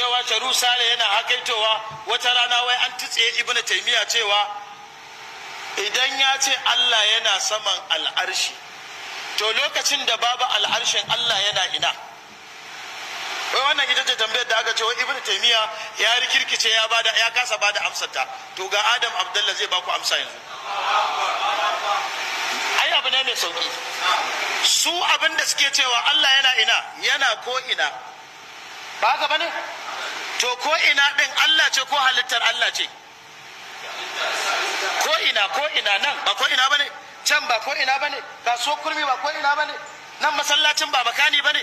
cewa sharu sale yana hakaitowa wata rana wai an tutse Ibn taimiya cewa idan ya ce allah yana saman al'arshi to lokacin da babu al'arshin allah yana ina wai wannan ita ce tambayar da aka ce wai Ibn taimiya ya rikirkice ya bada ya kasa bada amsar ta to ga adam abdullah zai baku amsa yanzu ai abu ne mai sauki su abin da suke cewa allah yana ina yana ko ina ba haka bane to ko ina ɗin Allah ce ko halittar Allah ce ko ina ko ina nan ba ko ina bane can ba ko ina bane kasuwar kurmi ba ko ina bane nan masallacin ba makani bane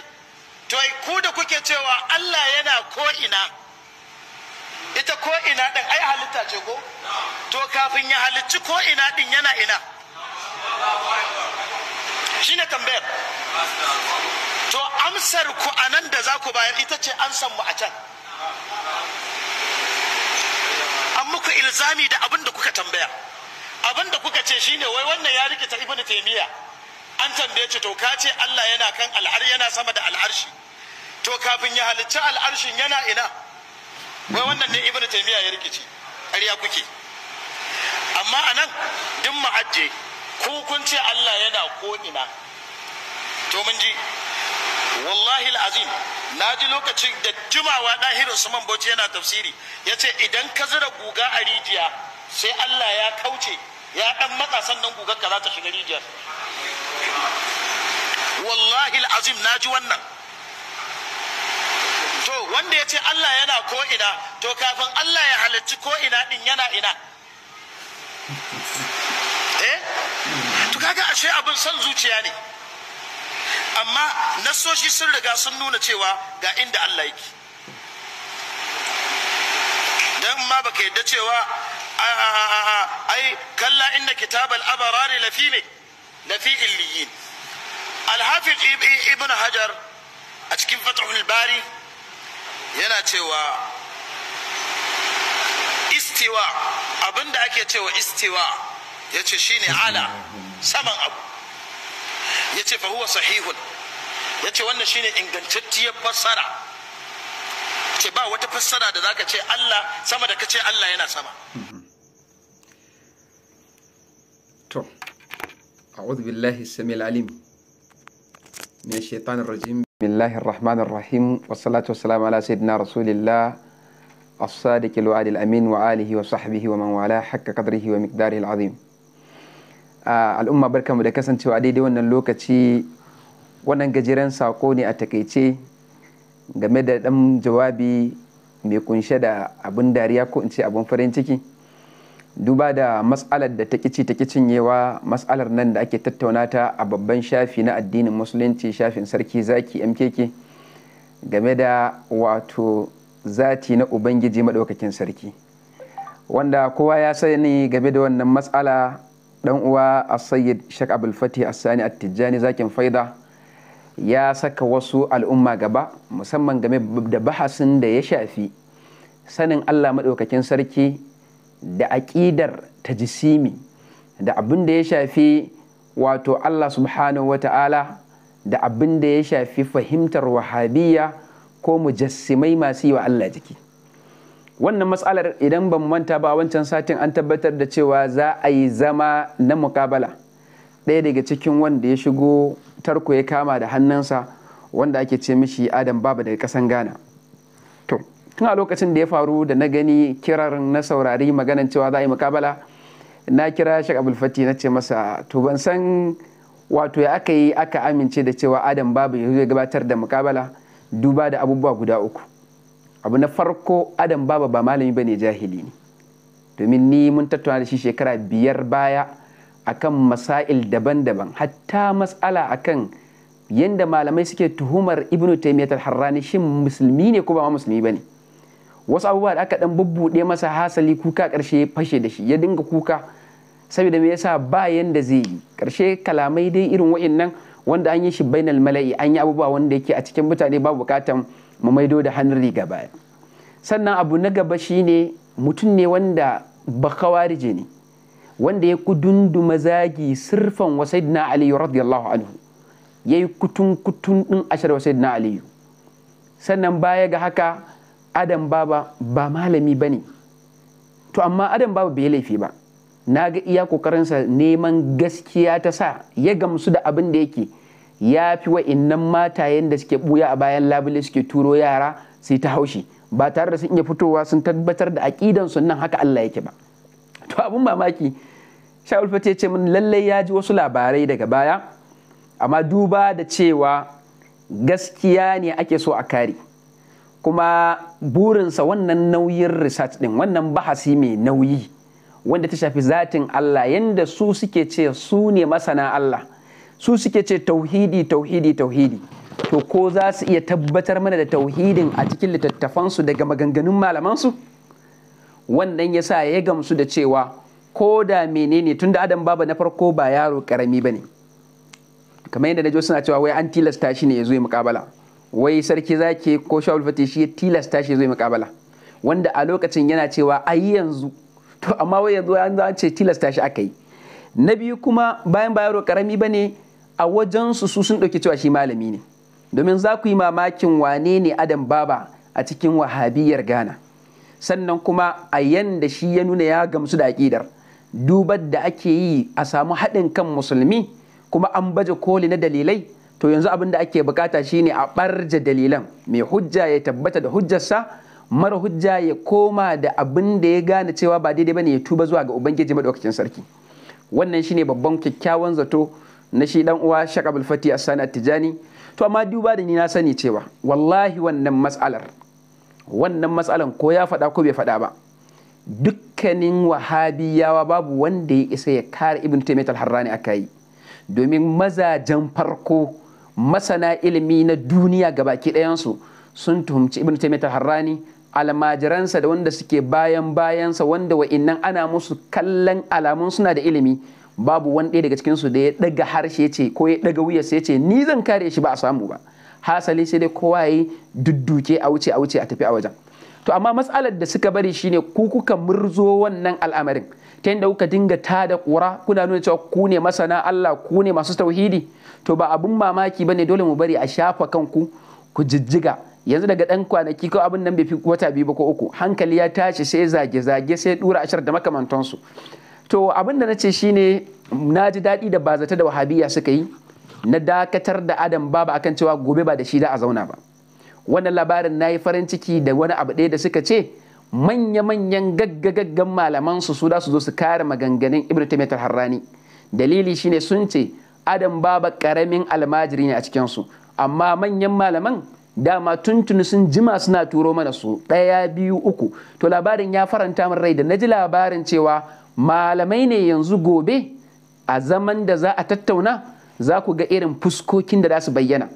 to ku da kuke cewa Allah yana ko ina ita ko ina ɗin ai halitta ce ko to kafin ya halicci ko ina ɗin yana ina shine tambayar to amsar ku anan da za ku bayar ita ce an mu a can an muku ilzami da abin da kuka tambaya abin da kuka ce shine wai wannan ya rikita ibn taymiya an tambaye ce to ka ce Allah yana kan al'ar yana sama da al'arshi to kafin ya halicci al'arshin yana ina wai wannan ne ibn taymiya ya rikici ƙarya kuke amma anan duk ma'ajje ko kun ce Allah yana ko ina to mun ji wallahi azim na ji lokacin da jimawa ɗahir usman bauchi yana tafsiri ya ce idan ka zira guga a rijiya sai allah ya kauce ya ɗan matsa sannan gugar ka za ta shiga rijiyar wallahi azim na ji wannan to wanda ya ce allah yana ko ina, to kafin allah ya halarci ina ɗin yana ina eh to kaga ashe abin son zuciya ne amma nasoshi sun riga sun nuna cewa ga inda Allah yake dan ma baka yadda cewa ai kalla inna kitabal abarari lafi ne lafi illiyin alhafiz ibn hajar a cikin fathul bari yana cewa istiwa abinda ake cewa istiwa yace shine ala saman abu ya ce fahuwa sahihun ya ce wannan shine ingantacciyar fassara ce ba wata fassara da zaka ce Allah sama da kace Allah yana sama mm-hmm. to a'udhu billahi samil alim min shaitanir rajim bismillahir rahmanir rahim wassalatu wassalamu ala sayyidina rasulillah الصادق الوعد الأمين وآله وصحبه ومن والاه حق قدره ومقداره العظيم al'umma barkanmu da kasancewa daidai wannan lokaci wannan gajeren sako ne a takaice game da dan jawabi mai kunshe da abin dariya ko in ce abin farin ciki duba da matsalar da ta kici ta cinyewa matsalar nan da ake tattauna ta a babban shafi na addinin musulunci shafin sarki zaki mkk game da wato zati na ubangiji maɗaukakin sarki wanda kowa ya sani game da wannan matsala dan uwa a sayyid Shak Abdul a a sani At-Tijjani zakin faida ya saka wasu al'umma gaba musamman game da bahasin da ya shafi sanin Allah maɗaukakin sarki da aƙidar ta jisimi da abin da ya shafi wato Allah subhanahu Ta'ala da abin da ya shafi fahimtar wahabiyya ko mujassimai masu yi wa Allah jiki wannan matsalar idan ban manta ba wancan satin an tabbatar da cewa za a yi zama na mukabala ɗaya daga cikin wanda ya shigo tarko ya kama da hannunsa wanda ake ce mishi adam baba daga ƙasan ghana to tun a lokacin da ya faru da na gani kirar na saurari maganan cewa za a yi mukabala na kira shi abulfati na ce masa to ban san wato ya aka yi aka amince da cewa adam babu ya gabatar da mukabala duba da abubuwa guda uku abu na farko adam baba ba malami ba jahili ne domin ni mun tattauna da shi shekara biyar baya akan masail daban-daban hatta mas'ala akan yadda malamai suke tuhumar ibnu taimiyatar harrani shin musulmi ne ko ba musulmi ba ne wasu abubuwa da aka dan bubbuɗe masa hasali kuka ƙarshe fashe da shi ya dinga kuka saboda me yasa ba yanda zai yi ƙarshe kalamai dai irin waɗannan. nan wanda an yi shi bainal mala'i an yi abubuwa wanda yake a cikin mutane babu bukatan mu maido da hannun riga baya sannan abu na gaba shine mutum ne wanda bakawarije ne wanda ya kudunduma zagi sirfan wa sayyidina aliyu radiyallahu anhu yayi kutun kutun din ashar wa sayyidina aliyu sannan baya ga haka adam baba ba malami bane to amma adam baba bai laifi ba na ga iya kokarinsa neman gaskiya ta sa ya gamsu da abin da yake ya fi wa'innan matayen da suke buya a bayan labule suke turo yara sai ta haushi ba tare da sun iya fitowa sun tabbatar da aƙidan nan haka Allah yake ba to abin mamaki Sha'ul Fati ya ce min lallai ya ji wasu labarai daga baya amma duba da cewa gaskiya ne ake so a kare kuma burinsa wannan nauyin research din wannan bahasi mai nauyi wanda ta shafi zatin Allah yanda su suke ce su ne masana Allah su suke ce tauhidi tauhidi tauhidi to ko za su iya tabbatar mana da tauhidin a cikin littattafansu daga maganganun malamansu wannan ya sa ya gamsu da cewa ko da menene tunda adam babu na farko ba yaro karami ba ne kamar yadda na suna cewa wai an tilasta shi ne ya zo mukabala wai sarki zaki ko shawul fatishi shi ya tilasta shi ya zo mukabala wanda a lokacin yana cewa ai yanzu to amma wai yanzu an za ce tilasta shi aka yi na biyu kuma bayan ba karami bane a wajen su su sun dauki cewa shi malami ne domin za ku yi mamakin wane ne adam baba a cikin wahabiyar ghana sannan kuma a yanda shi ya nuna ya gamsu da aƙidar dubar da ake yi a samu haɗin kan musulmi kuma an baje koli na dalilai to yanzu abin da ake bukata shine a ɓarje dalilan mai hujja ya tabbata da hujjarsa mara hujja ya koma da abin da ya gane cewa ba daidai bane ya tuba zuwa ga ubangiji madaukakin sarki wannan shine babban kyakkyawan zato na shi dan uwa Shaka Bulfati a Tijani to amma duba da ni na sani cewa wallahi wannan matsalar. wannan matsalar ko ya faɗa ko bai faɗa ba dukkanin wahabiyawa babu wanda ya isa ya kare Ibn Taymiyyah al-Harrani akai domin mazajen farko masana ilimi na duniya ga baki ɗayansu sun tuhumci ibn taymiyyah harrani almajiransa da wanda suke bayan bayansa wanda wa'innan ana musu kallon alamun suna da ilimi babu wani ɗaya daga cikinsu da ya ɗaga harshe ce ko ya ɗaga wuya sai ce ni zan kare shi ba a samu ba hasali sai dai kowa ya dudduke a wuce a wuce a tafi a wajen to amma matsalar da suka bari shine ku kuka murzo wannan al'amarin ta yadda kuka dinga ta da ƙura kuna nuna cewa ku ne masana Allah ku ne masu tauhidi to ba abin mamaki ba ne dole mu bari a shafa kanku ku jijjiga yanzu daga ɗan kwanaki ko abin nan bai fi wata biyu ba ko uku hankali ya tashi sai zage-zage sai ɗura ashar da makamantansu to abin da na ce shine na ji daɗi da bazata da wahabiya suka yi na dakatar da adam baba akan cewa gobe ba da shi da a zauna ba wannan labarin na yi farin ciki da wani abu ɗaya da suka ce manya-manyan gaggagaggan malaman su su da su zo su kare maganganun ibn taymiyyah harrani dalili shine sun ce adam baba karamin almajiri ne a cikin su amma manyan malaman dama tuntuni sun jima suna turo mana su ɗaya biyu uku to labarin ya faranta min rai da na ji labarin cewa malamai ne yanzu gobe a zaman da za a tattauna za ku ga irin fuskokin da za su bayyana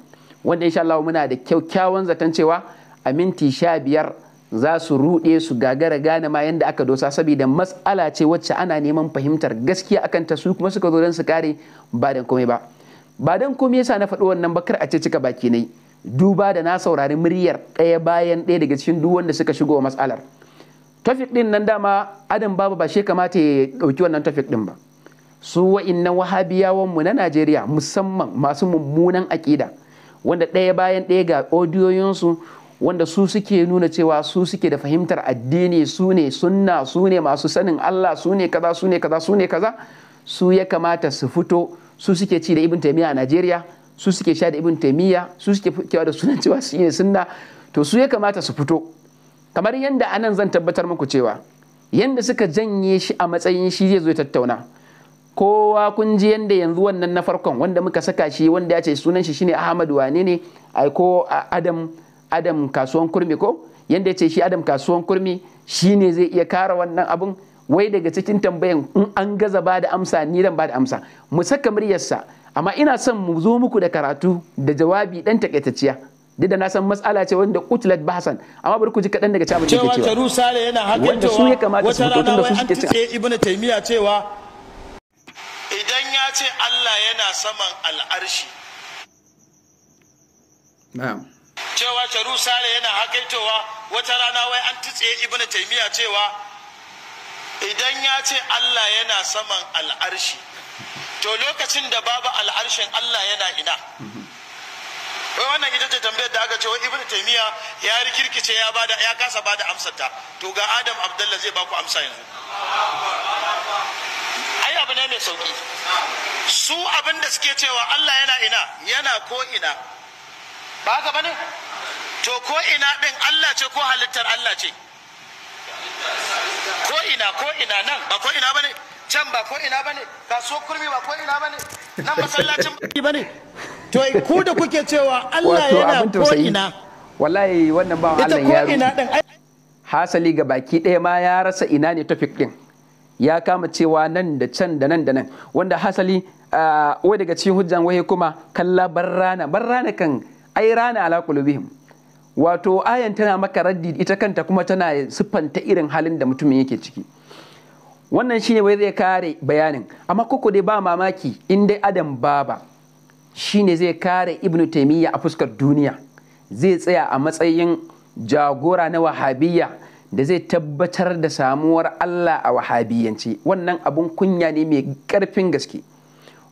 wanda insha Allah muna da kyakkyawan zaton cewa a minti sha biyar za su ruɗe su gagara gane ma yadda aka dosa saboda matsala ce wacce ana neman fahimtar gaskiya akan ta su kuma suka zo don su kare ba dan komai ba ba dan komai yasa na faɗi wannan bakar a ce cika baki ne duba da na saurari muryar ɗaya bayan ɗaya daga cikin duk wanda suka shigo matsalar tafik ɗin nan dama adam babu ba shi kamata ya ɗauki wannan tafik ɗin ba su wa'innan wahabiyawan mu na Najeriya musamman masu mummunan aƙida wanda ɗaya bayan ɗaya ga odiyoyinsu wanda su suke nuna cewa su suke da fahimtar addini su ne sunna su ne masu sanin Allah su ne kaza su ne kaza su ne kaza su ya kamata su fito su suke ci da ibn taimiya a Najeriya su suke sha da ibin taimiyya su suke kewa da sunan cewa shi ne sunna to su ya kamata su fito kamar yadda anan zan tabbatar muku cewa yadda suka janye shi a matsayin shi zai zo tattauna kowa kun ji yadda yanzu wannan na farkon wanda muka saka shi wanda ya ce sunan shi shine Ahmad wane ne ai ko Adam Adam kasuwan kurmi ko yadda ya ce shi Adam kasuwan kurmi shi ne zai iya kara wannan abun wai daga cikin tambayan in an gaza ba da amsa ni dan ba da amsa mu saka muryarsa amma ina son mu zo muku da karatu da jawabi dan takaitacciya duk da na san matsala ce wanda kutlat bahasan amma bari ku ji kadan daga cewa cewa cewa rusale yana hakantawa su ya kamata su fito da su suke cewa ibnu taymiya cewa idan ya ce Allah yana saman al'arshi na'am cewa ceru sale yana cewa wata rana wai an tutse ibnu taymiya cewa idan ya ce Allah yana saman al'arshi to lokacin da babu al'arshin Allah yana ina wai wannan ita ce tambayar da aka ce wai ibnu taymiya ya rikirkice ya bada ya kasa bada amsar ta to ga adam Abdullahi zai baku amsa yanzu ai abu ne mai sauki su abin da suke cewa Allah yana ina yana ko ina ba haka bane to ko ina din Allah ce ko halittar Allah ce ko ina ko ina nan ba ko ina bane can ba ko ina bane kasuwar kurmi ba ko ina bane nan masallacin bane to eh, ku da kuke cewa Allah yana ko ina wallahi wannan ba Allah ya rubuta hasali ga baki ɗaya ma ya rasa ina ne topic din ya kama cewa nan da can da nan da nan wanda hasali ah, wai daga cikin hujjan waye kuma kalla barrana barrana kan ai rana ala kulubihim wato ayan tana maka raddi ita kanta kuma tana siffanta irin halin da mutumin yake ciki wannan shine wai zai kare bayanin amma koko dai ba mamaki in dai adam baba shine zai kare ibnu taimiyya a fuskar duniya zai tsaya a matsayin jagora na wahabiyya da zai tabbatar da samuwar Allah a wahabiyyance. wannan abun kunya ne mai karfin gaske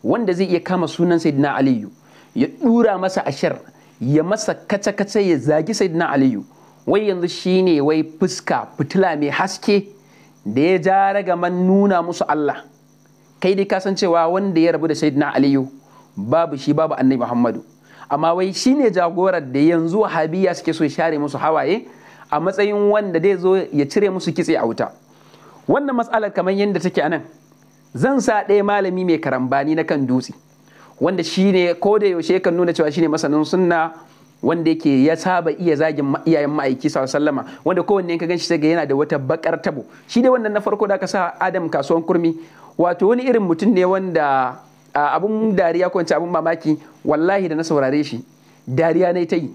wanda zai iya kama sunan Sayyidina Aliyu ya ɗura masa ashir ya masa kace-kace ya zagi Sayyidina Aliyu wai yanzu shine wai fuska fitila mai haske da ya ja man nuna musu Allah kai dai ka san cewa wanda ya rabu da sayyidina aliyu babu shi babu annabi muhammadu amma wai shine jagorar da yanzu Habiya suke so share musu hawaye a matsayin wanda zai zo ya cire musu kitse a wuta wannan matsalar kamar yadda take anan zan sa ɗaya malami mai karambani na kan dutse wanda shine ko da yaushe kan nuna cewa shine masanin sunna wanda yake ya saba iya zagin iyayen ma'aiki sallama wanda kowanne ka ganshi sai ga yana da wata bakar tabo shi dai wannan na farko da aka sa adam kasuwan kurmi wato wani irin mutum ne wanda abun dariya ko abun mamaki wallahi da na saurare shi dariya ne ta yi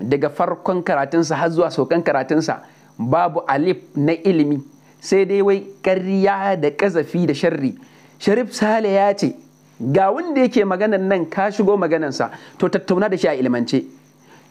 daga farkon karatunsa har zuwa saukan karatunsa babu alif na ilimi sai dai wai karya da ƙazafi da sharri sharif sale ya ce ga wanda yake maganan nan ka shigo maganansa to tattauna da shi a ilimance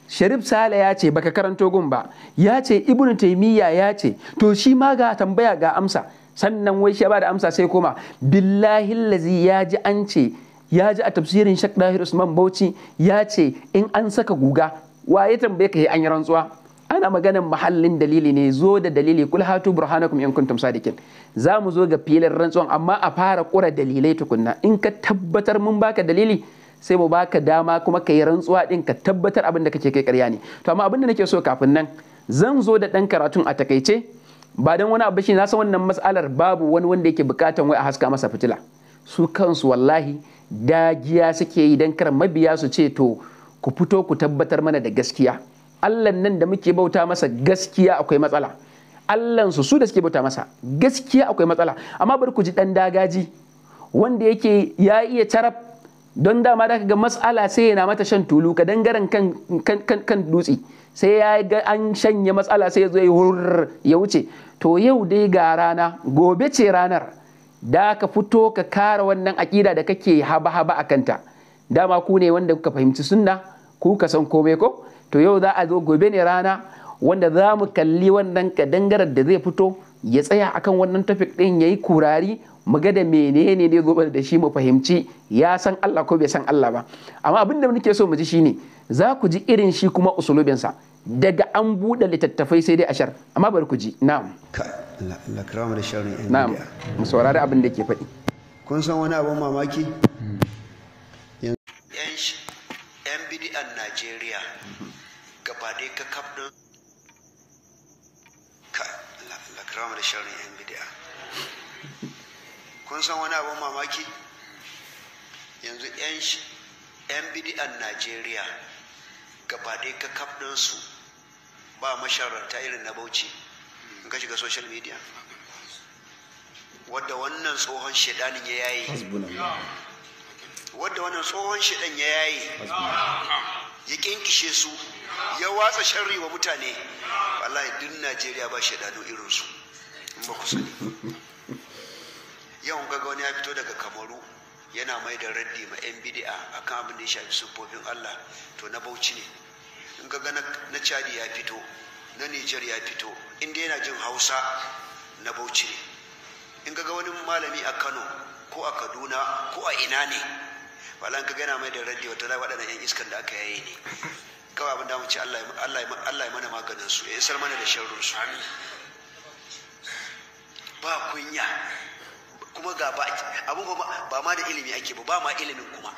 sharif sale ya ce baka karanto gun ba ya ce ibnu taimiyya ya ce to shi ma ga tambaya ga amsa sannan wai shi ba da amsa sai koma billahi lazi ya ji an ce ya ji a tafsirin shak dahir usman bauchi ya ce in an saka guga waye tambaye ka yi an yi rantsuwa ana maganar mahallin dalili ne zo da dalili kul hatu burhanakum in kuntum sadikin za mu zo ga filin rantsuwan amma a fara kura dalilai tukunna in ka tabbatar mun baka dalili sai mu baka dama kuma ka yi rantsuwa din ka tabbatar abin da kake kai ƙarya ne to amma abin da nake so kafin nan zan zo da ɗan karatun a takaice ba don wani abu shi na san wannan matsalar babu wani wanda yake bukatan wai a haska masa fitila su kansu wallahi dagiya suke yi don kar mabiya su ce to ku fito ku tabbatar mana da gaskiya allan nan da muke bauta masa gaskiya akwai matsala allan su su da suke bauta masa gaskiya akwai matsala amma bari ku ji dan dagaji wanda yake ya iya carab don dama da ga matsala sai yana mata shan tulu ka dangaren kan dutse sai ya ga an shanye matsala sai zai hurrar ya wuce to yau dai ga rana gobe ce ranar da ka fito ka kara wannan aƙida da kake haba-haba a kanta dama ku ne wanda kuka fahimci sunna ku ka san komai ko to yau za a zo gobe ne rana wanda za mu kalli wannan ka kadangaren da zai fito ya tsaya akan wannan tafik din yayi kurari mu ga da menene ne gobe da shi mu fahimci ya san Allah ko bai san Allah ba amma abin da nake so mu ji shine za ku ji irin shi kuma sa daga an buɗe littattafai sai dai ashar amma bari ku ji na'am na'am mu saurari abin da ke faɗi kun san wani abin mamaki hmm. yan bidi'an Najeriya gaba dai ka kaf din ka lakram da yan bidi'a kun san wani abin mamaki yanzu 'yan bidi'an najeriya gabaɗe ka kaf ɗinsu ba masharanta irin na bauchi in ka shiga social media wadda wannan tsohon shidanin ya yayi wadda wannan tsohon shidan ya yayi ya kinkishe su ya watsa sharri wa mutane wallahi duk najeriya ba shidanu irinsu ba ku sani yau ga wani ya fito daga kamaru yana mai da raddi ma yan bidi'a akan abin da ya shafi siffofin Allah to na bauchi ne in ga na chadi ya fito na Niger ya fito inda yana jin Hausa na bauchi ne in ga wani malami a Kano ko a Kaduna ko a ina ne wala ka gana mai da raddi wata lai waɗannan yan iskan da aka yayi ne kawai abin da mu Allah ya mana maganin su ya isar mana da sharrun su ba kunya kuma ga ba abin ba ma da ilimi ake ba ba ma ilimin kuma